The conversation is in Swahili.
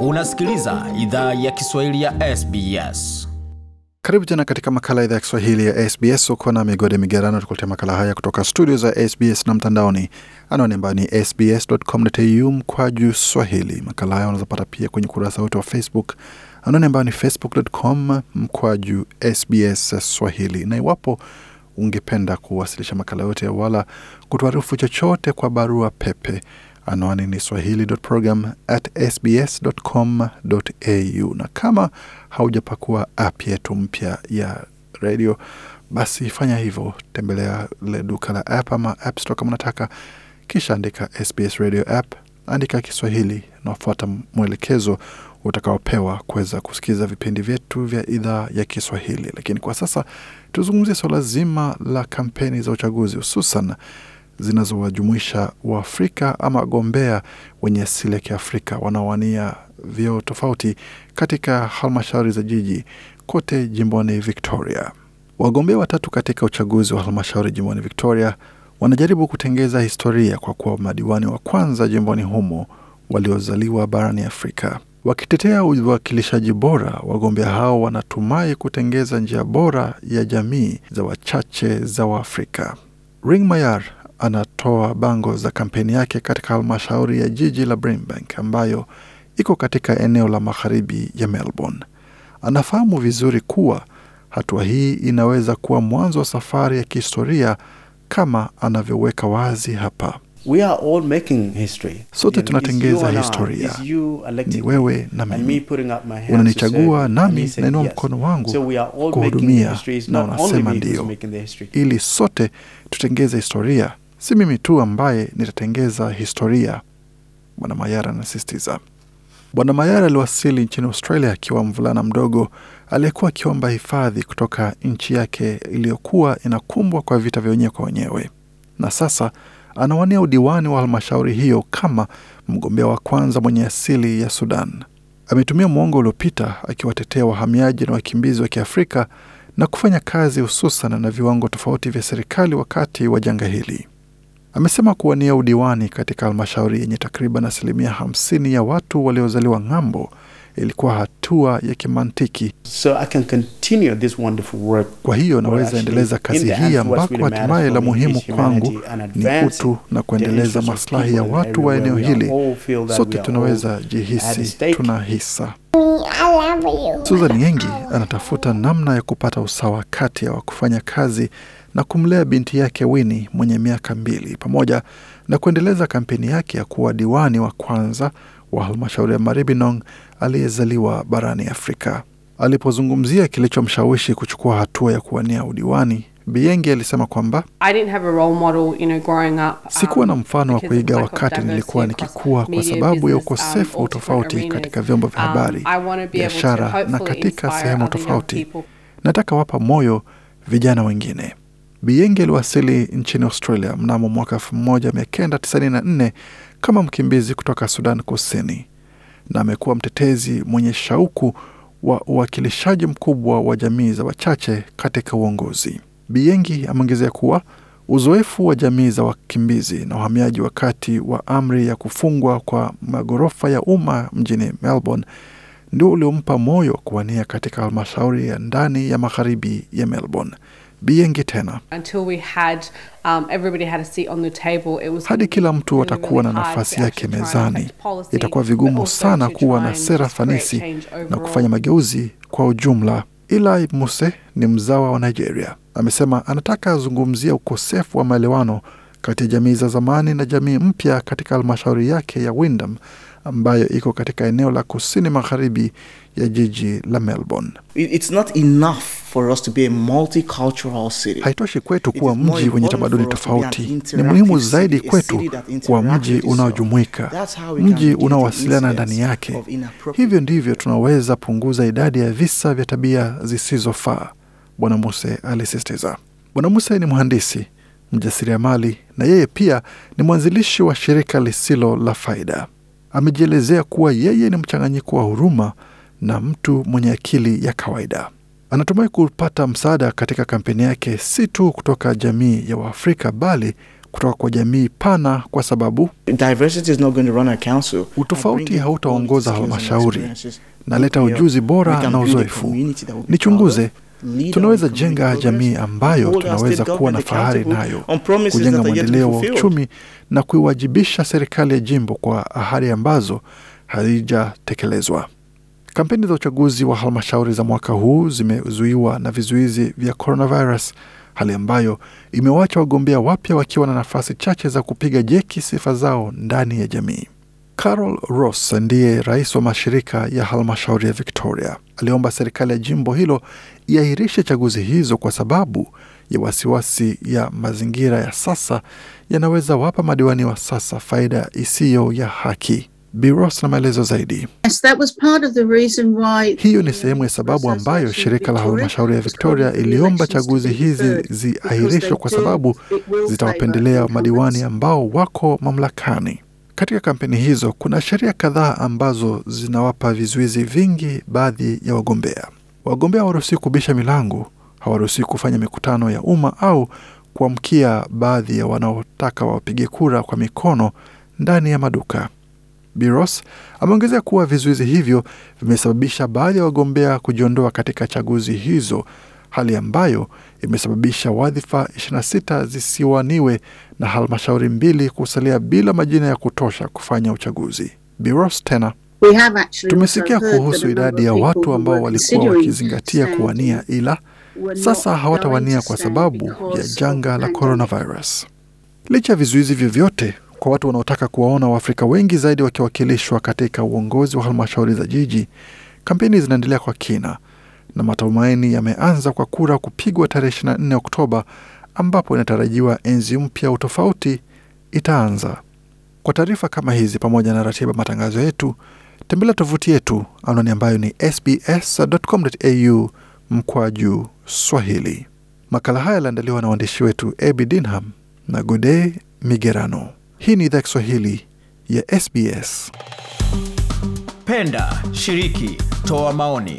Unasikiliza idhaa ya Kiswahili ya SBS. Karibu tena katika makala idhaa ya Kiswahili ya SBS. Uko na Migode Migerano tukuletea makala haya kutoka studio za SBS na mtandaoni, anwani ambayo ni sbs.com.au juu swahili. Makala haya unazopata pia kwenye ukurasa wetu wa Facebook, anwani ambayo ni facebook.com mkwaju SBS swahili. Na iwapo ungependa kuwasilisha makala yote wala kutuarifu chochote kwa barua pepe Anwani ni swahili.program@sbs.com.au, na kama haujapakua app yetu mpya ya redio basi fanya hivyo, tembelea le duka la app ama app store kama unataka, kisha andika SBS radio app, andika Kiswahili na wafuata mwelekezo utakaopewa kuweza kusikiza vipindi vyetu vya idhaa ya Kiswahili. Lakini kwa sasa tuzungumzie swala zima la kampeni za uchaguzi, hususan zinazowajumuisha Waafrika ama wagombea wenye asili ya Kiafrika wanaowania vyeo tofauti katika halmashauri za jiji kote jimboni Victoria. Wagombea watatu katika uchaguzi wa halmashauri jimboni Victoria wanajaribu kutengeza historia kwa kuwa madiwani wa kwanza jimboni humo waliozaliwa barani Afrika. Wakitetea uwakilishaji bora, wagombea hao wanatumai kutengeza njia bora ya jamii za wachache za Waafrika. Ring Mayar anatoa bango za kampeni yake katika halmashauri ya jiji la Brimbank ambayo iko katika eneo la magharibi ya Melbourne. Anafahamu vizuri kuwa hatua hii inaweza kuwa mwanzo wa safari ya kihistoria kama anavyoweka wazi hapa. We are all making history. Sote tunatengeza historia. Ni wewe na mimi, unanichagua nami nainua mkono wangu kuhudumia, na unasema ndiyo, ili sote tutengeze historia si mimi tu ambaye nitatengeza historia, Bwana Mayara anasisitiza. Bwana Mayara aliwasili nchini Australia akiwa mvulana mdogo aliyekuwa akiomba hifadhi kutoka nchi yake iliyokuwa inakumbwa kwa vita vya wenyewe kwa wenyewe, na sasa anawania udiwani wa halmashauri hiyo kama mgombea wa kwanza mwenye asili ya Sudan. Ametumia mwongo uliopita akiwatetea wahamiaji na wakimbizi wa Kiafrika na kufanya kazi hususan na viwango tofauti vya serikali wakati wa janga hili amesema kuwania udiwani katika halmashauri yenye takriban asilimia hamsini ya watu waliozaliwa ng'ambo ilikuwa hatua ya kimantiki. So I can continue this wonderful work. Kwa hiyo naweza endeleza kazi hii ambako hatimaye la muhimu kwangu ni utu na kuendeleza maslahi ya watu wa eneo hili. Sote tunaweza jihisi tuna hisa. Susan Yengi anatafuta namna ya kupata usawa kati ya wa kufanya kazi na kumlea binti yake Wini mwenye miaka mbili pamoja na kuendeleza kampeni yake ya kuwa diwani wa kwanza wa halmashauri ya maribinong aliyezaliwa barani Afrika. Alipozungumzia kilichomshawishi kuchukua hatua ya kuwania udiwani, biengi alisema kwamba sikuwa na um, mfano wa kuiga wakati nilikuwa nikikua, kwa sababu ya ukosefu wa um, tofauti katika vyombo vya um, habari, biashara na katika sehemu tofauti. Nataka wapa moyo vijana wengine. biengi aliwasili nchini Australia mnamo mwaka 1994 kama mkimbizi kutoka Sudan Kusini na amekuwa mtetezi mwenye shauku wa uwakilishaji mkubwa wa jamii za wachache katika uongozi. Biengi ameongezea kuwa uzoefu wa jamii za wakimbizi na uhamiaji wakati wa amri ya kufungwa kwa maghorofa ya umma mjini Melbourne ndio uliompa moyo kuwania katika halmashauri ya ndani ya magharibi ya Melbourne. Biengi tena had, um, was... hadi kila mtu atakuwa na nafasi yake mezani, itakuwa vigumu sana kuwa na sera fanisi na kufanya mageuzi kwa ujumla. Eli Muse ni mzawa wa Nigeria amesema anataka azungumzia ukosefu wa maelewano kati ya jamii za zamani na jamii mpya katika halmashauri yake ya windham ambayo iko katika eneo la kusini magharibi ya jiji la Melbourne. It's not enough for us to be a multicultural city. Haitoshi kwetu kuwa mji wenye tamaduni tofauti. Ni muhimu zaidi kwetu kuwa mji unaojumuika, mji unaowasiliana ndani yake. Hivyo ndivyo tunaweza punguza idadi ya visa vya tabia zisizofaa. Bwana Muse alisisitiza. Bwana Muse ni mhandisi mjasiriamali, na yeye pia ni mwanzilishi wa shirika lisilo la faida. Amejielezea kuwa yeye ni mchanganyiko wa huruma na mtu mwenye akili ya kawaida. Anatumai kupata msaada katika kampeni yake si tu kutoka jamii ya Waafrika bali kutoka kwa jamii pana, kwa sababu utofauti hautaongoza halmashauri. Naleta ujuzi bora na uzoefu, nichunguze Tunaweza jenga jamii ambayo tunaweza kuwa na fahari nayo, kujenga mwendeleo wa uchumi na kuiwajibisha serikali ya jimbo kwa ahadi ambazo hazijatekelezwa. Kampeni za uchaguzi wa halmashauri za mwaka huu zimezuiwa na vizuizi vya coronavirus, hali ambayo imewacha wagombea wapya wakiwa na nafasi chache za kupiga jeki sifa zao ndani ya jamii. Carol Ross ndiye rais wa mashirika ya halmashauri ya Victoria. Aliomba serikali ya jimbo hilo iahirishe chaguzi hizo kwa sababu ya wasiwasi ya mazingira ya sasa yanaweza wapa madiwani wa sasa faida isiyo ya haki. Bi Ross na maelezo zaidi. Yes, that was part of the reason why... hiyo ni sehemu ya sababu ambayo shirika la halmashauri ya Victoria iliomba chaguzi hizi ziahirishwe kwa sababu zitawapendelea madiwani ambao wako mamlakani. Katika kampeni hizo kuna sheria kadhaa ambazo zinawapa vizuizi vingi baadhi ya wagombea. Wagombea hawaruhusi kubisha milango, hawaruhusi kufanya mikutano ya umma au kuamkia baadhi ya wanaotaka wapige kura kwa mikono ndani ya maduka. Biros ameongezea kuwa vizuizi hivyo vimesababisha baadhi ya wagombea kujiondoa katika chaguzi hizo hali ambayo imesababisha wadhifa 26 zisiwaniwe na halmashauri mbili kusalia bila majina ya kutosha kufanya uchaguzi. Biros tena tumesikia kuhusu idadi ya watu ambao walikuwa wakizingatia kuwania ila sasa hawatawania kwa sababu ya janga la coronavirus. Licha ya vizuizi vyovyote kwa watu wanaotaka kuwaona Waafrika wengi zaidi wakiwakilishwa katika uongozi wa halmashauri za jiji, kampeni zinaendelea kwa kina na matumaini yameanza kwa kura kupigwa tarehe 24 Oktoba, ambapo inatarajiwa enzi mpya utofauti itaanza. Kwa taarifa kama hizi pamoja na ratiba matangazo yetu, tembelea tovuti yetu anwani ambayo ni sbs.com.au mkwa juu Swahili. Makala haya yaliandaliwa na waandishi wetu Abi Dinham na Gode Migerano. Hii ni idhaa Kiswahili ya SBS. Penda, shiriki, toa maoni